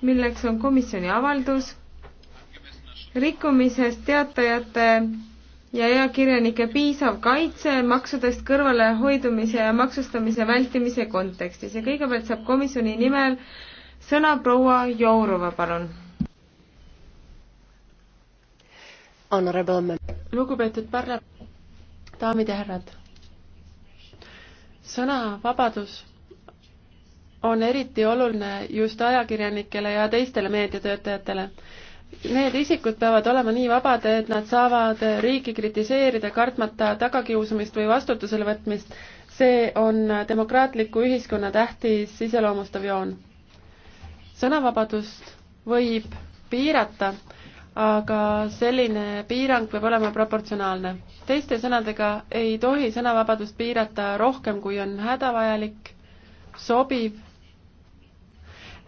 milleks on komisjoni avaldus rikkumisest teatajate ja eakirjanike piisav kaitse maksudest kõrvalehoidumise ja maksustamise vältimise kontekstis ja kõigepealt saab komisjoni nimel sõna proua Jourova, palun. lugupeetud parla-, daamid ja härrad. sõnavabadus on eriti oluline just ajakirjanikele ja teistele meediatöötajatele. Need isikud peavad olema nii vabad, et nad saavad riiki kritiseerida, kartmata tagakiusamist või vastutusele võtmist. see on demokraatliku ühiskonna tähtis iseloomustav joon. sõnavabadust võib piirata, aga selline piirang peab olema proportsionaalne. teiste sõnadega ei tohi sõnavabadust piirata rohkem, kui on hädavajalik, sobiv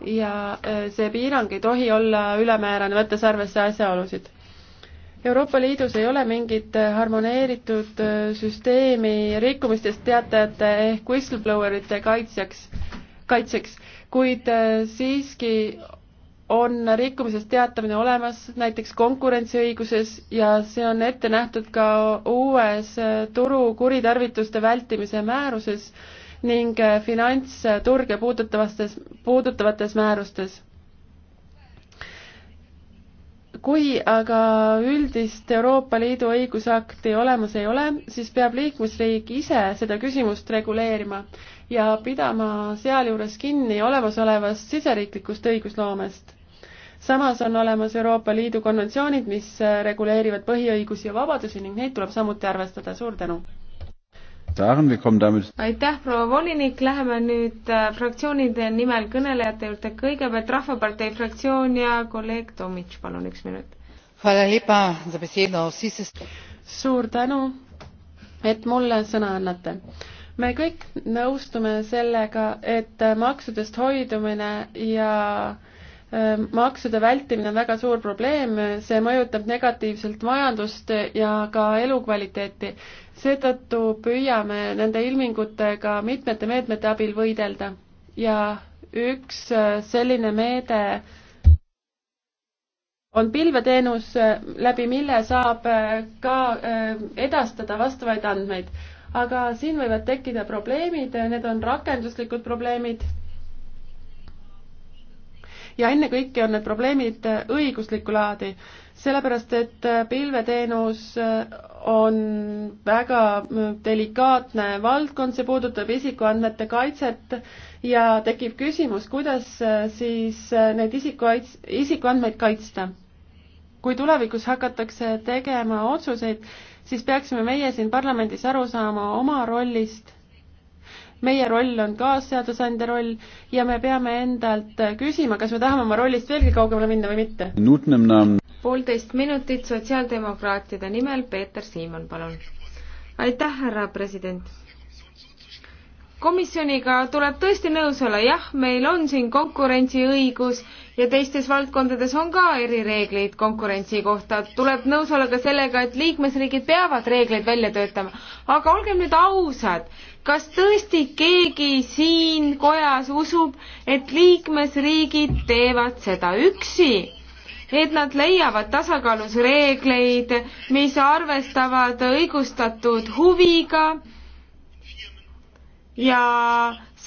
ja äh, see piirang ei tohi olla ülemäärane, võttes arvesse asjaolusid. Euroopa Liidus ei ole mingit harmoneeritud äh, süsteemi rikkumistest teatajate ehk whistleblowerite kaitsjaks, kaitseks, kuid äh, siiski on rikkumisest teatamine olemas näiteks konkurentsiõiguses ja see on ette nähtud ka uues turu kuritarvituste vältimise määruses ning äh, finantsturge puudutavates, puudutavates määrustes kui aga üldist Euroopa Liidu õigusakti olemas ei ole, siis peab liikmesriik ise seda küsimust reguleerima ja pidama sealjuures kinni olemasolevast siseriiklikust õigusloomest. samas on olemas Euroopa Liidu konventsioonid, mis äh, reguleerivad põhiõigusi ja vabadusi ning neid tuleb samuti arvestada, suur tänu! aitäh, proua volinik, läheme nüüd äh, fraktsioonide nimel kõnelejate juurde, kõigepealt Rahvapartei fraktsioon ja kolleeg Tomitš, palun üks minut. suur tänu, et mulle sõna annate me kõik nõustume sellega, et äh, maksudest hoidumine ja äh, maksude vältimine on väga suur probleem, see mõjutab negatiivselt majandust ja ka elukvaliteeti seetõttu püüame nende ilmingutega mitmete meetmete abil võidelda ja üks äh, selline meede on pilveteenus, äh, läbi mille saab äh, ka edastada vastavaid andmeid. aga siin võivad tekkida probleemid, need on rakenduslikud probleemid. ja ennekõike on need probleemid õiguslikku laadi sellepärast, et äh, pilveteenus äh, on väga äh, delikaatne valdkond, see puudutab isikuandmete kaitset ja tekib küsimus, kuidas siis neid isikuaits-, isikuandmeid kaitsta. kui tulevikus hakatakse tegema otsuseid, siis peaksime meie siin parlamendis aru saama oma rollist meie roll on ka seadusandja roll ja me peame endalt küsima, kas me tahame oma rollist veelgi kaugemale minna või mitte poolteist minutit sotsiaaldemokraatide nimel, Peeter Siimann, palun. aitäh, härra president. komisjoniga tuleb tõesti nõus olla, jah, meil on siin konkurentsiõigus ja teistes valdkondades on ka erireeglid konkurentsi kohta, tuleb nõus olla ka sellega, et liikmesriigid peavad reegleid välja töötama. aga olgem nüüd ausad, kas tõesti keegi siin kojas usub, et liikmesriigid teevad seda üksi? et nad leiavad tasakaalus reegleid, mis arvestavad õigustatud huviga ja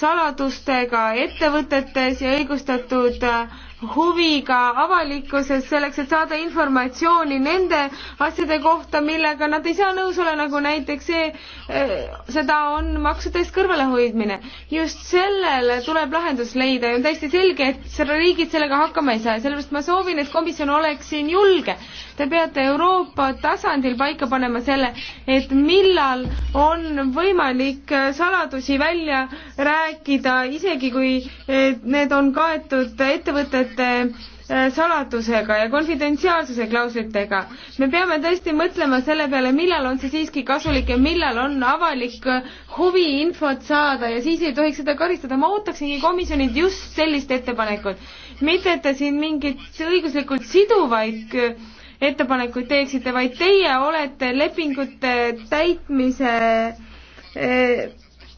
saladustega ettevõtetes ja õigustatud äh, huviga avalikkuses selleks, et saada informatsiooni nende asjade kohta, millega nad ei saa nõus olla, nagu näiteks see, eh, seda on maksudest kõrvalehoidmine. just sellele tuleb lahendus leida ja on täiesti selge, et selle riigid sellega hakkama ei saa ja sellepärast ma soovin, et komisjon oleks siin julge. Te peate Euroopa tasandil paika panema selle, et millal on võimalik eh, saladusi välja rääkida, isegi kui eh, need on kaetud ettevõtted, ettevõtete äh, saladusega ja konfidentsiaalsuse klauslitega. me peame tõesti mõtlema selle peale, millal on see siiski kasulik ja millal on avalik äh, huvi infot saada ja siis ei tohiks seda karistada. ma ootaksingi komisjonilt just sellist ettepanekut, mitte et te siin mingit õiguslikult siduvaid äh, ettepanekuid teeksite, vaid teie olete lepingute täitmise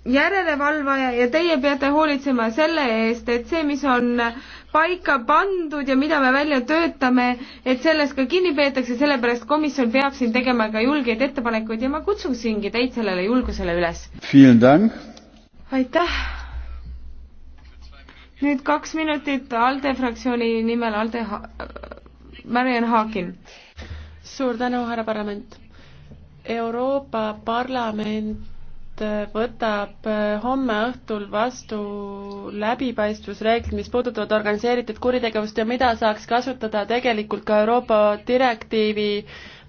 järelevalvaja ja teie peate hoolitsema selle eest, et see, mis on äh, paika pandud ja mida me välja töötame, et sellest ka kinni peetakse, sellepärast komisjon peab siin tegema ka julgeid ettepanekuid ja ma kutsusingi teid sellele julgusele üles. aitäh! nüüd kaks minutit ALDE fraktsiooni nimel ALDE ha Marian Haakin. suur tänu, härra parlament! Euroopa Parlament Äh, võtab äh, homme õhtul vastu läbipaistvusreeglid, mis puudutavad organiseeritud kuritegevust ja mida saaks kasutada tegelikult ka Euroopa direktiivi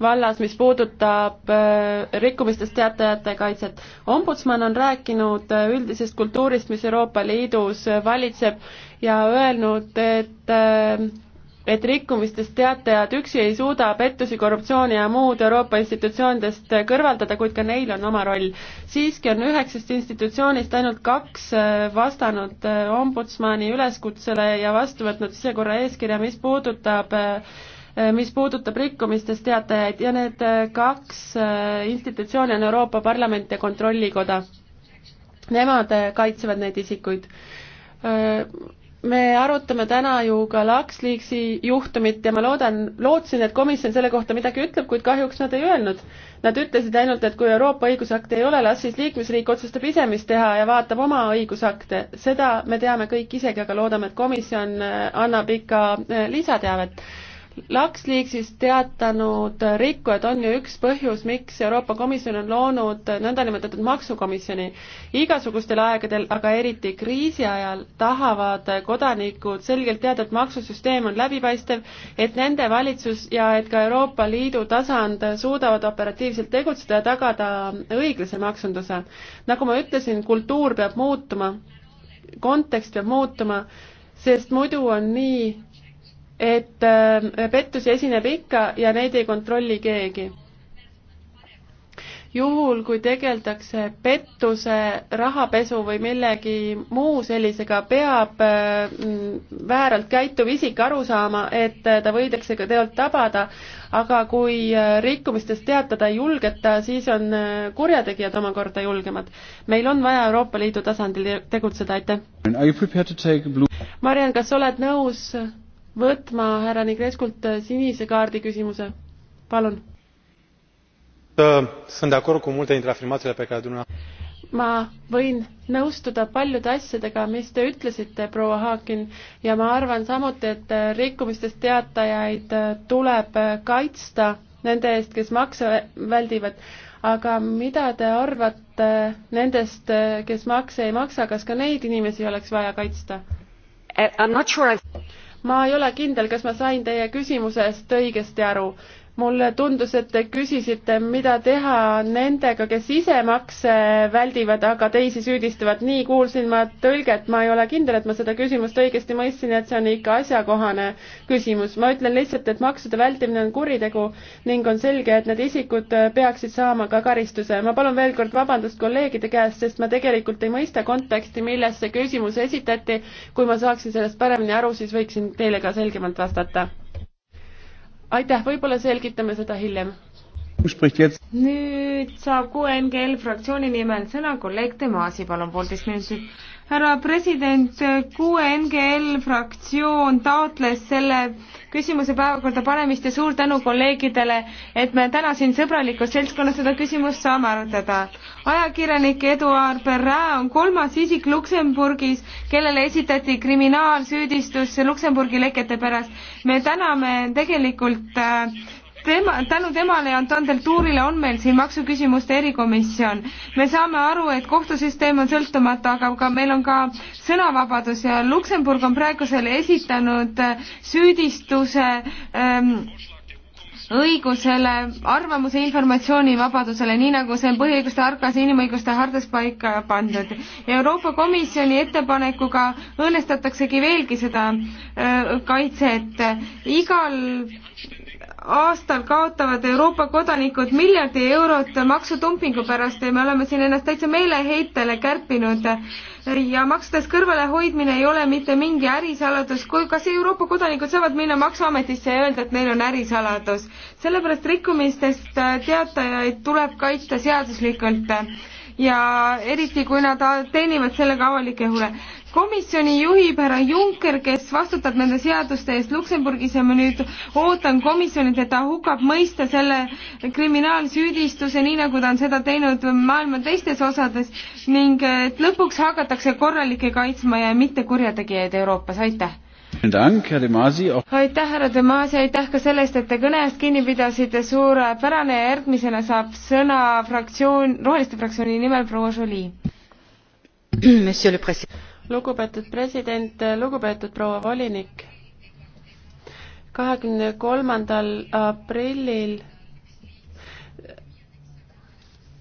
vallas, mis puudutab äh, rikkumistest teatajate kaitset. ombudsman on rääkinud üldisest kultuurist, mis Euroopa Liidus valitseb ja öelnud, et et rikkumistest teatajad üksi ei suuda pettusi, korruptsiooni ja muud Euroopa institutsioonidest kõrvaldada, kuid ka neil on oma roll. siiski on üheksast institutsioonist ainult kaks äh, vastanud äh, ombudsmani üleskutsele ja vastu võtnud sisekorra eeskirja, mis puudutab äh, mis puudutab rikkumistest teatajaid ja need kaks institutsiooni on Euroopa Parlament ja Kontrollikoda. Nemad kaitsevad neid isikuid me arutame täna ju ka LuxLeaksi juhtumit ja ma loodan, lootsin, et komisjon selle kohta midagi ütleb, kuid kahjuks nad ei öelnud. Nad ütlesid ainult, et kui Euroopa õigusakte ei ole, las siis liikmesriik otsustab ise, mis teha ja vaatab oma õigusakte. seda me teame kõik isegi, aga loodame, et komisjon äh, annab ikka äh, lisateavet Luxleaksist teatanud rikkujad on ju üks põhjus, miks Euroopa Komisjon on loonud nõndanimetatud maksukomisjoni. igasugustel aegadel, aga eriti kriisi ajal, tahavad kodanikud selgelt teada, et maksusüsteem on läbipaistev, et nende valitsus ja et ka Euroopa Liidu tasand suudavad operatiivselt tegutseda ja tagada õiglase maksunduse. nagu ma ütlesin, kultuur peab muutuma, kontekst peab muutuma, sest muidu on nii, et äh, pettusi esineb ikka ja neid ei kontrolli keegi. juhul, kui tegeldakse pettuse, rahapesu või millegi muu sellisega, peab äh, vääralt käituv isik aru saama, et äh, ta võidakse ka teolt tabada, aga kui rikkumistest teatada ei julgeta, siis on kurjategijad omakorda julgemad. meil on vaja Euroopa Liidu tasandil tegutseda, aitäh! Mariann, kas sa oled nõus võtma härra Nigreskult sinise kaardi küsimuse. palun. ma võin nõustuda paljude asjadega, mis te ütlesite, proua Haakin, ja ma arvan samuti, et rikkumistest teatajaid tuleb kaitsta nende eest, kes makse väldivad aga mida te arvate nendest, kes makse ei maksa, kas ka neid inimesi oleks vaja kaitsta? Eh, sure ma ei ole kindel, kas ma sain teie küsimusest õigesti aru mulle tundus, et te küsisite, mida teha nendega, kes ise makse väldivad, aga teisi süüdistavad. nii kuulsin ma tõlget, ma ei ole kindel, et ma seda küsimust õigesti mõistsin, et see on ikka asjakohane küsimus. ma ütlen lihtsalt, et maksude vältimine on kuritegu ning on selge, et need isikud peaksid saama ka karistuse. ma palun veel kord vabandust kolleegide käest, sest ma tegelikult ei mõista konteksti, milles see küsimus esitati. kui ma saaksin sellest paremini aru, siis võiksin teile ka selgemalt vastata aitäh, võib-olla selgitame seda hiljem. nüüd saab QNGL fraktsiooni nimel sõna kolleeg Demasi, palun, poolteist minutit härra president, kuue NGL fraktsioon taotles selle küsimuse päevakorda panemist ja suur tänu kolleegidele, et me täna siin sõbralikus seltskonnas seda küsimust saame arutada. ajakirjanik Eduard Perrin on kolmas isik Luksemburgis, kellele esitati kriminaalsüüdistus Luksemburgi lekete pärast. me täname tegelikult äh, tema, tänu temale ja Anton Deltuurile on meil siin maksuküsimuste erikomisjon. me saame aru, et kohtusüsteem on sõltumatu, aga ka meil on ka sõnavabadus ja Luksemburg on praegusel esitanud äh, süüdistuse ähm, õigusele, arvamuse, informatsiooni vabadusele, nii nagu see on põhiõiguste hartas ja inimõiguste hartas paika pandud. Euroopa Komisjoni ettepanekuga õõnestataksegi veelgi seda öö, äh, kaitset. igal aastal kaotavad Euroopa kodanikud miljardi eurot maksutumpingu pärast ja me oleme siin ennast täitsa meeleheitele kärpinud ja maksudest kõrvalehoidmine ei ole mitte mingi ärisaladus, kui kas Euroopa kodanikud saavad minna Maksuametisse ja öelda, et neil on ärisaladus? sellepärast rikkumistest teatajaid tuleb kaitsta seaduslikult ja eriti, kui nad teenivad sellega avalikke huve. komisjoni juhib härra Juncker, kes vastutab nende seaduste eest Luksemburgis ja ma nüüd ootan komisjonilt, et ta hukkab mõista selle kriminaalsüüdistuse, nii nagu ta on seda teinud maailma teistes osades ning et lõpuks hakatakse korralikke kaitsma ja mitte kurjategijaid Euroopas, aitäh! aitäh, härra Demasi, aitäh ka selle eest, et te kõne eest kinni pidasite, suurepärane ja järgmisena saab sõna fraktsioon, Roheliste fraktsiooni nimel proua Jolie. lugupeetud president, lugupeetud proua volinik, kahekümne kolmandal aprillil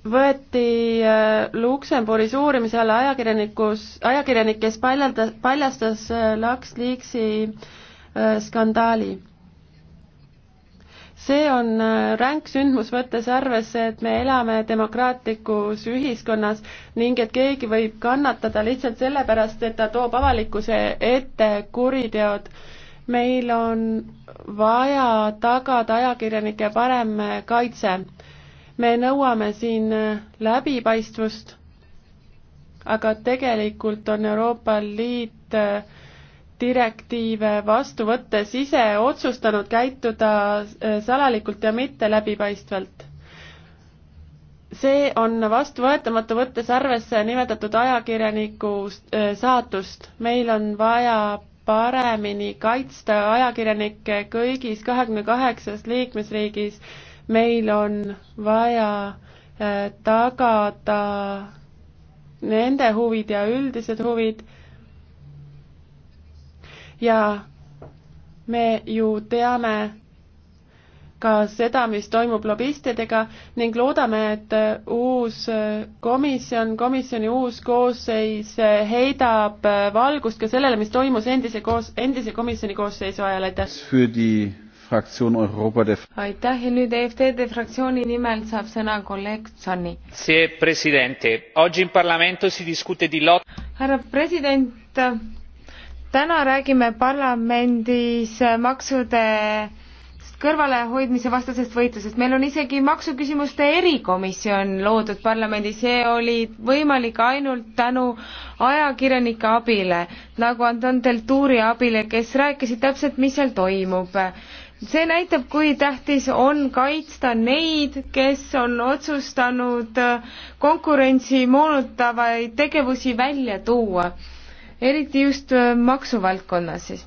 võeti äh, Luksemburis uurimise alla ajakirjanikus, ajakirjanik, kes paljaldas, paljastas äh, Lux Leaksi äh, skandaali. see on ränk sündmus, võttes arvesse, et me elame demokraatlikus ühiskonnas ning et keegi võib kannatada lihtsalt sellepärast, et ta toob avalikkuse ette kuriteod meil on vaja tagada ajakirjanike parem kaitse me nõuame siin äh, läbipaistvust, aga tegelikult on Euroopa Liit äh, direktiive vastu võttes ise otsustanud käituda äh, salalikult ja mitte läbipaistvalt. see on vastuvõetamatu, võttes arvesse nimetatud ajakirjaniku saatust. meil on vaja paremini kaitsta ajakirjanikke kõigis kahekümne kaheksas liikmesriigis meil on vaja äh, tagada nende huvid ja üldised huvid ja me ju teame ka seda, mis toimub lobistidega ning loodame, et äh, uus äh, komisjon, komisjoni uus koosseis heidab valgust ka sellele, mis toimus endise koos, endise komisjoni koosseisu ajal, aitäh! aitäh ja nüüd EFTD fraktsiooni nimel saab sõna kolleeg Zanni. härra president, täna räägime parlamendis maksude kõrvalehoidmise vastasest võitlusest. meil on isegi maksuküsimuste erikomisjon loodud parlamendis, see oli võimalik ainult tänu ajakirjanike abile, nagu Anton Delturi abile, kes rääkisid täpselt, mis seal toimub see näitab, kui tähtis on kaitsta neid, kes on otsustanud konkurentsi moonutavaid tegevusi välja tuua, eriti just äh, maksuvaldkonnas siis.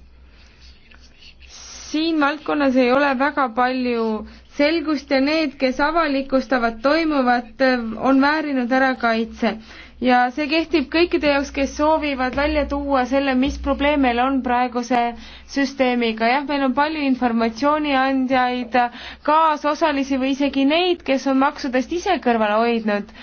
siin valdkonnas ei ole väga palju selgust ja need, kes avalikustavad toimuvat, äh, on väärinud ära kaitse ja see kehtib kõikide jaoks, kes soovivad välja tuua selle, mis probleem meil on praeguse süsteemiga. jah, meil on palju informatsiooniandjaid, kaasosalisi või isegi neid, kes on maksudest ise kõrvale hoidnud,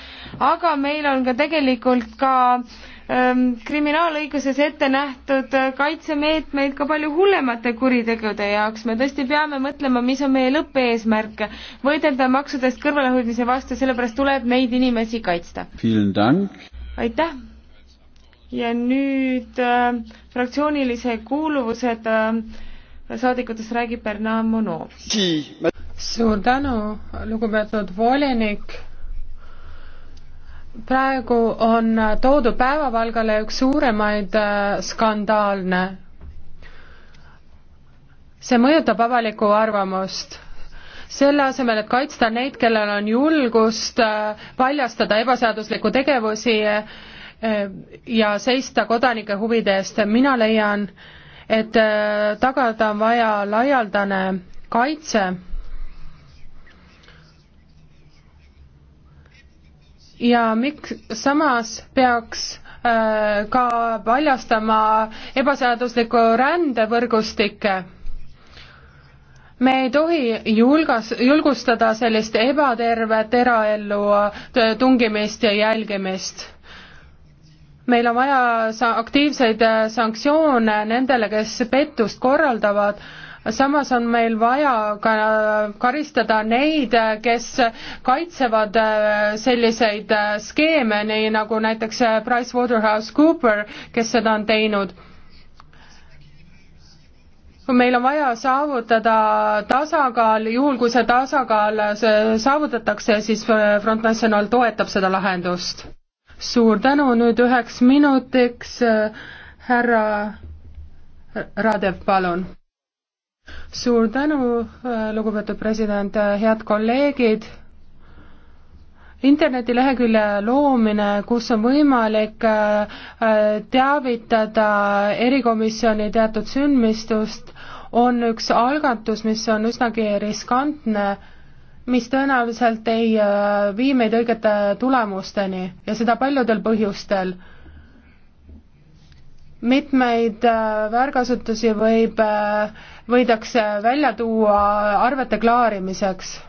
aga meil on ka tegelikult ka äh, Ehm, kriminaalõiguses ette nähtud äh, kaitsemeetmeid ka palju hullemate kuritegude jaoks. me tõesti peame mõtlema, mis on meie lõppeesmärk, võidelda maksudest kõrvalehoidmise vastu, sellepärast tuleb neid inimesi kaitsta. aitäh! ja nüüd äh, fraktsioonilise kuuluvuseta äh, saadikutest räägib Bernard Monod. suur tänu, lugupeetud volinik praegu on toodud päevavalgale üks suuremaid äh, skandaalne. see mõjutab avalikku arvamust selle asemel, et kaitsta neid, kellel on julgust äh, paljastada ebaseaduslikku tegevusi äh, ja seista kodanike huvide eest, mina leian, et tagada on vaja laialdane kaitse ja miks samas peaks äh, ka paljastama ebaseadusliku rändevõrgustikke. me ei tohi julgas, julgustada sellist ebatervet eraellu äh, tungimist ja jälgimist meil on vaja sa-, aktiivseid äh, sanktsioone nendele, kes pettust korraldavad samas on meil vaja ka karistada neid, kes kaitsevad äh, selliseid äh, skeeme, nii nagu näiteks äh, PricewaterhouseCooper, kes seda on teinud meil on vaja saavutada tasakaal, juhul kui see tasakaal saavutatakse, siis Front National toetab seda lahendust. suur tänu, nüüd üheks minutiks härra Radev, palun suur tänu, äh, lugupeetud president, äh, head kolleegid. internetilehekülje loomine, kus on võimalik äh, teavitada erikomisjoni teatud sündmistust, on üks algatus, mis on üsnagi riskantne, mis tõenäoliselt ei vii meid õigete tulemusteni ja seda paljudel põhjustel mitmeid äh, väärkasutusi võib, äh, võidakse äh, välja tuua arvete klaarimiseks.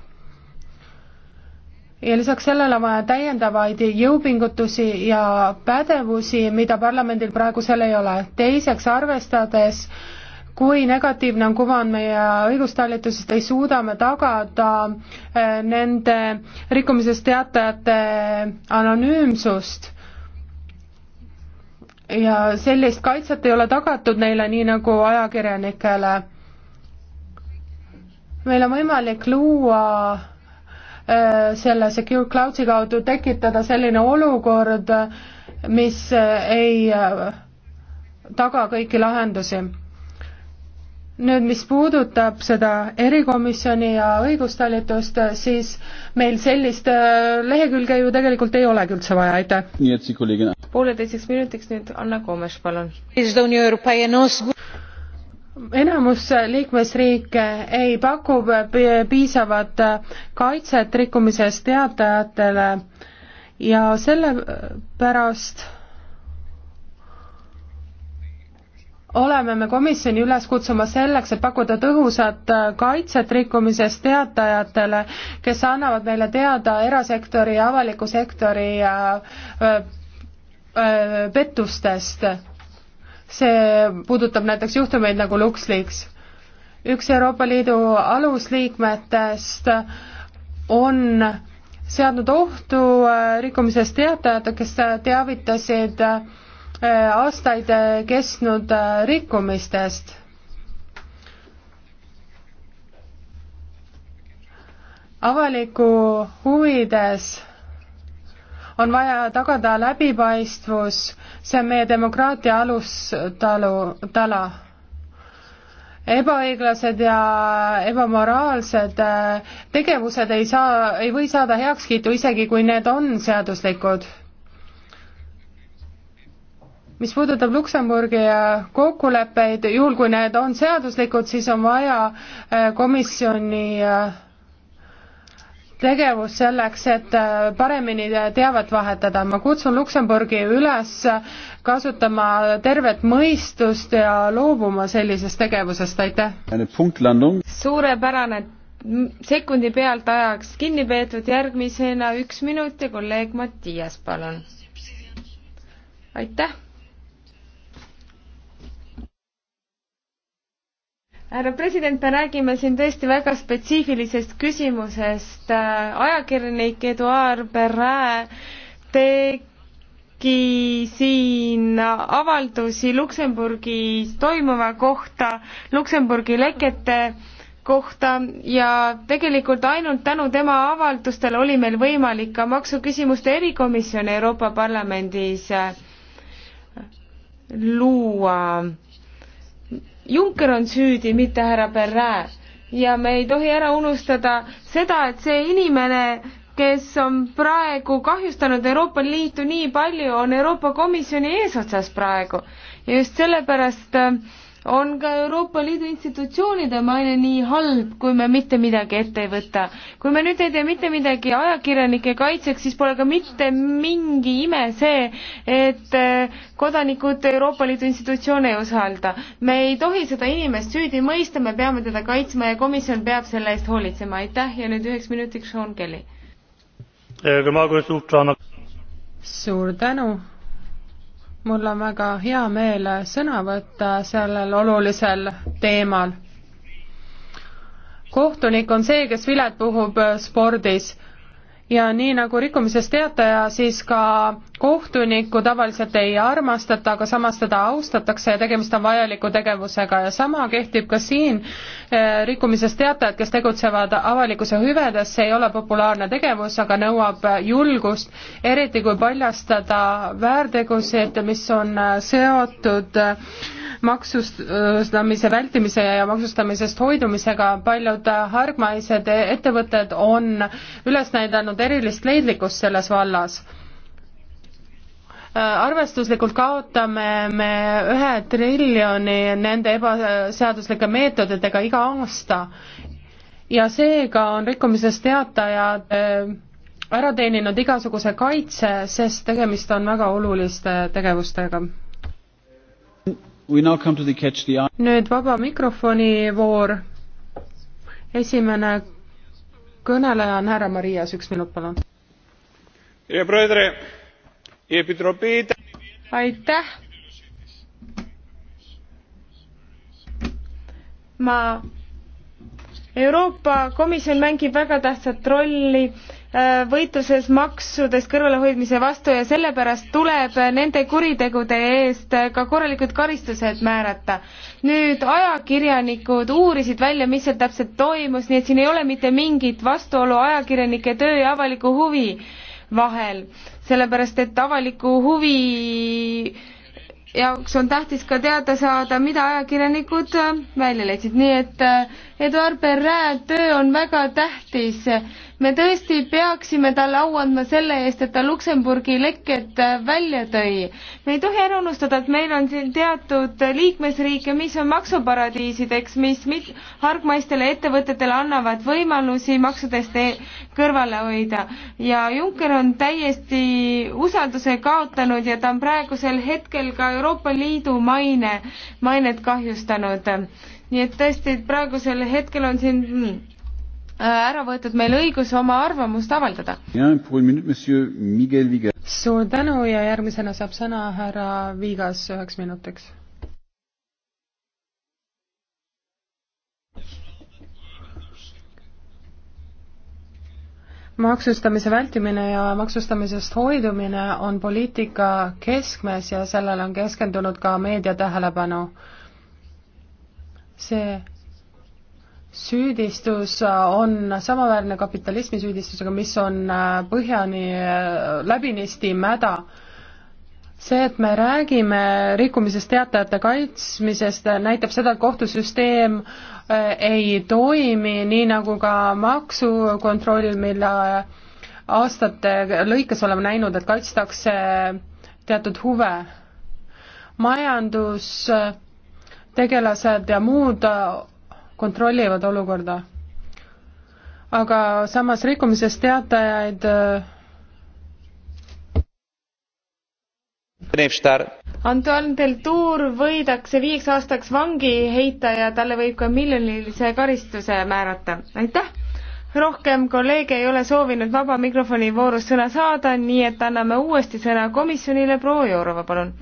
ja lisaks sellele on vaja täiendavaid jõupingutusi ja pädevusi, mida parlamendil praegusel ei ole. teiseks, arvestades kui negatiivne on kuvand meie õigustalitusest, ei suuda me tagada nende rikkumisest teatajate anonüümsust ja sellist kaitset ei ole tagatud neile, nii nagu ajakirjanikele. meil on võimalik luua äh, selle Secure Cloudsi kaudu tekitada selline olukord, mis äh, ei äh, taga kõiki lahendusi nüüd, mis puudutab seda erikomisjoni ja õigustalitust, siis meil sellist äh, lehekülge ju tegelikult ei olegi üldse vaja, aitäh. nii et siis kolleegina. pooleteiseks minutiks nüüd Anna Koomes, palun. enamus liikmesriike ei paku piisavat äh, kaitset rikkumisest teatajatele ja sellepärast oleme me komisjoni üles kutsuma selleks, et pakkuda tõhusat äh, kaitset rikkumisest teatajatele, kes annavad meile teada erasektori ja avaliku sektori äh, äh, pettustest. see puudutab näiteks juhtumeid nagu LuxLeaks. üks Euroopa Liidu alusliikmetest on seadnud ohtu rikkumisest teatajad, kes teavitasid äh, Äh, aastaid äh, kestnud äh, rikkumistest. avaliku huvides on vaja tagada läbipaistvus, see on meie demokraatia alustalu, tala. ebaõiglased ja ebamoraalsed tegevused ei saa, ei või saada heakskiitu, isegi kui need on seaduslikud mis puudutab Luksemburgi kokkuleppeid, juhul kui need on seaduslikud, siis on vaja äh, komisjoni äh, tegevus selleks, et äh, paremini teavet vahetada. ma kutsun Luksemburgi üles kasutama tervet mõistust ja loobuma sellisest tegevusest, aitäh! suurepärane, sekundi pealt ajaks kinni peetud, järgmisena üks minut ja kolleeg Mattias, palun! aitäh! härra president, me räägime siin tõesti väga spetsiifilisest küsimusest. Äh, ajakirjanik Eduard Perret tegi siin avaldusi Luksemburgis toimuva kohta, Luksemburgi lekete kohta ja tegelikult ainult tänu tema avaldustele oli meil võimalik ka maksuküsimuste erikomisjon Euroopa Parlamendis äh, luua Juncker on süüdi, mitte härra Perret. ja me ei tohi ära unustada seda, et see inimene, kes on praegu kahjustanud Euroopa Liitu nii palju, on Euroopa Komisjoni eesotsas praegu. ja just sellepärast äh, on ka Euroopa Liidu institutsioonide maine nii halb, kui me mitte midagi ette ei võta. kui me nüüd ei tee mitte midagi ajakirjanike kaitseks, siis pole ka mitte mingi ime see, et eh, kodanikud Euroopa Liidu institutsioone ei usalda. me ei tohi seda inimest süüdi mõista, me peame teda kaitsma ja komisjon peab selle eest hoolitsema, aitäh ja nüüd üheks minutiks Sean Kelly. Eh, suur tänu mul on väga hea meel sõna võtta sellel olulisel teemal. kohtunik on see, kes vilet puhub spordis ja nii nagu rikkumisest teataja, siis ka kohtunikku tavaliselt ei armastata, aga samas teda austatakse ja tegemist on vajaliku tegevusega ja sama kehtib ka siin eh, rikkumisest teatajad, kes tegutsevad avalikkuse hüvedes, see ei ole populaarne tegevus, aga nõuab eh, julgust, eriti kui paljastada väärtegusid, mis on eh, seotud maksustamise vältimise ja maksustamisest hoidumisega, paljud hargmaised e-, ettevõtted on üles näidanud erilist leidlikkust selles vallas Äh, arvestuslikult kaotame me ühe triljoni nende ebaseaduslike meetoditega iga aasta ja seega on rikkumisest teatajad äh, ära teeninud igasuguse kaitse, sest tegemist on väga oluliste tegevustega. nüüd vaba mikrofoni voor. esimene kõneleja on härra Marias, üks minut palun aitäh. ma, Euroopa Komisjon mängib väga tähtsat rolli äh, võitluses maksudest kõrvalehoidmise vastu ja sellepärast tuleb nende kuritegude eest ka korralikud karistused määrata. nüüd ajakirjanikud uurisid välja, mis seal täpselt toimus, nii et siin ei ole mitte mingit vastuolu ajakirjanike töö ja avaliku huvi vahel sellepärast et avaliku huvi jaoks on tähtis ka teada saada, mida ajakirjanikud välja leidsid, nii et eh, Eduard Perre töö on väga tähtis me tõesti peaksime talle au andma selle eest, et ta Luksemburgi lekket äh, välja tõi. me ei tohi ära unustada, et meil on siin teatud liikmesriike, mis on maksuparadiisideks, mis mit-, hargmaistele ettevõtetele annavad võimalusi maksudest e kõrvale hoida. ja Juncker on täiesti usalduse kaotanud ja ta on praegusel hetkel ka Euroopa Liidu maine, mainet kahjustanud. nii et tõesti, praegusel hetkel on siin mm, Äh, ära võetud meil õigus oma arvamust avaldada. suur tänu ja järgmisena saab sõna härra Viigas üheks minutiks. maksustamise vältimine ja maksustamisest hoidumine on poliitika keskmes ja sellele on keskendunud ka meedia tähelepanu. see süüdistus äh, on samaväärne kapitalismi süüdistusega, mis on äh, põhjani äh, läbinisti mäda. see, et me räägime rikkumisest teatajate kaitsmisest, näitab seda, et kohtusüsteem ei toimi, nii nagu ka maksukontroll, mille aastate lõikes oleme näinud, et kaitstakse teatud huve. majandus tegelased ja muud kontrollivad olukorda. aga samas rikkumisest teatajaid äh, Antoine Deltour võidakse viieks aastaks vangi heita ja talle võib ka miljonilise karistuse määrata. aitäh! rohkem kolleege ei ole soovinud vaba mikrofoni voorus sõna saada, nii et anname uuesti sõna komisjonile, proua Jourova, palun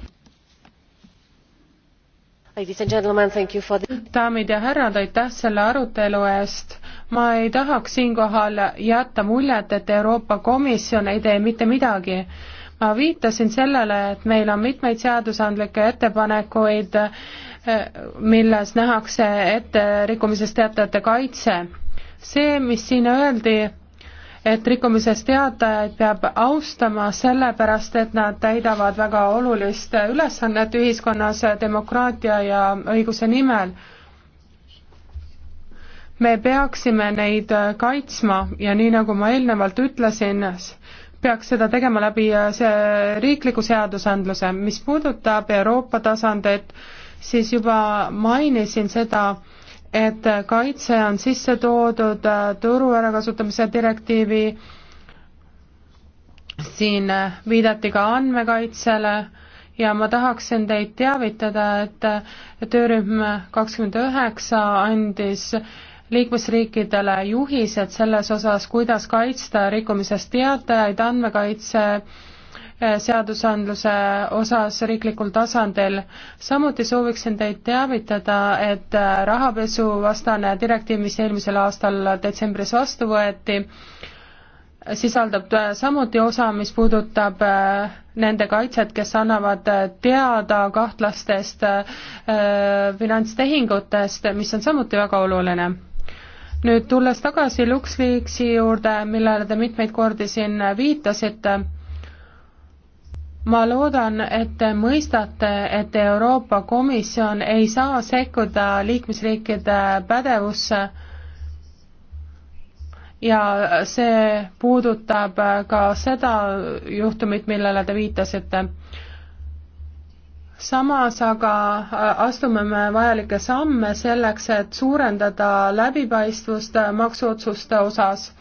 daamid ja härrad, aitäh selle arutelu eest. ma ei tahaks siinkohal jätta muljet, et Euroopa Komisjon ei tee mitte midagi ma viitasin sellele, et meil on mitmeid seadusandlikke ettepanekuid, milles nähakse ette rikkumisest teatajate kaitse. see, mis siin öeldi, et rikkumisest teatajaid peab austama sellepärast, et nad täidavad väga olulist ülesannet ühiskonnas demokraatia ja õiguse nimel. me peaksime neid kaitsma ja nii, nagu ma eelnevalt ütlesin, peaks seda tegema läbi see riikliku seadusandluse, mis puudutab Euroopa tasandit, siis juba mainisin seda, et kaitse on sisse toodud äh, turu ärakasutamise direktiivi, siin äh, viidati ka andmekaitsele ja ma tahaksin teid teavitada, et äh, töörühm kakskümmend üheksa andis liikmesriikidele juhised selles osas, kuidas kaitsta rikkumisest teatajaid andmekaitse Äh, seadusandluse osas riiklikul tasandil. samuti sooviksin teid teavitada, et äh, rahapesuvastane direktiiv, mis eelmisel aastal detsembris vastu võeti, sisaldab äh, samuti osa, mis puudutab nende kaitset, kes annavad teada kahtlastest finantstehingutest, mis on samuti väga oluline. nüüd tulles tagasi LuxLeaksi juurde, millele te mitmeid kordi siin viitasite ma loodan, et te mõistate, et Euroopa Komisjon ei saa sekkuda liikmesriikide pädevusse ja see puudutab ka seda juhtumit, millele te viitasite. samas aga astume me vajalikke samme selleks, et suurendada läbipaistvust maksuotsuste osas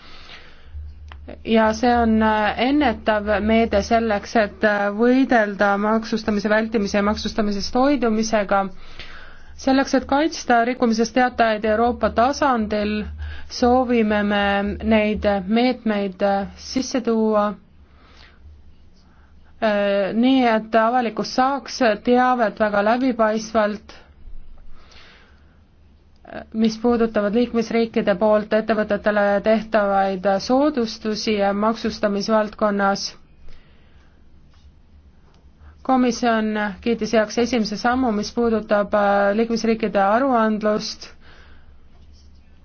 ja see on äh, ennetav meede selleks, et äh, võidelda maksustamise vältimise ja maksustamisest hoidumisega. selleks, et kaitsta rikkumisest teatajaid Euroopa tasandil, soovime me neid meetmeid äh, sisse tuua nii, et avalikkus saaks teavet väga läbipaistvalt mis puudutavad liikmesriikide poolt ettevõtetele tehtavaid soodustusi maksustamisvaldkonnas. komisjon kiitis heaks esimese sammu, mis puudutab äh, liikmesriikide aruandlust,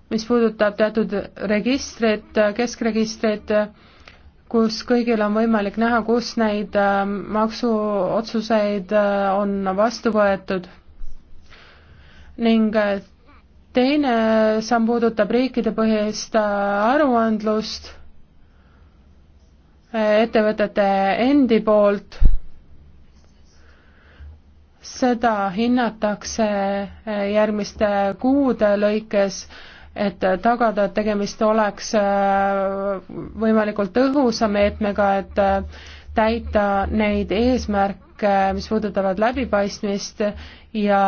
mis puudutab teatud registrit, keskregistrit, kus kõigil on võimalik näha, kus neid äh, maksuotsuseid äh, on vastu võetud ning teine samm puudutab riikidepõhist äh, aruandlust äh, ettevõtete endi poolt, seda hinnatakse äh, järgmiste kuude lõikes, et tagada, et tegemist oleks võimalikult tõhusa meetmega, et täita neid eesmärke, mis puudutavad läbipaistmist ja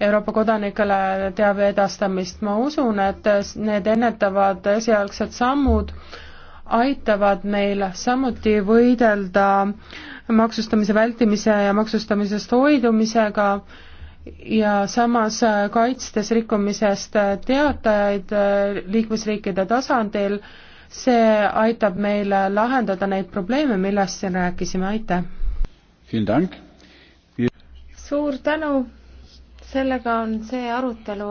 Euroopa kodanikele teabe edastamist. ma usun, et need ennetavad esialgsed sammud aitavad meil samuti võidelda maksustamise vältimise ja maksustamisest hoidumisega ja samas kaitstes rikkumisest teatajaid liikmesriikide tasandil, see aitab meil lahendada neid probleeme, millest siin rääkisime, aitäh! suur tänu! sellega on see arutelu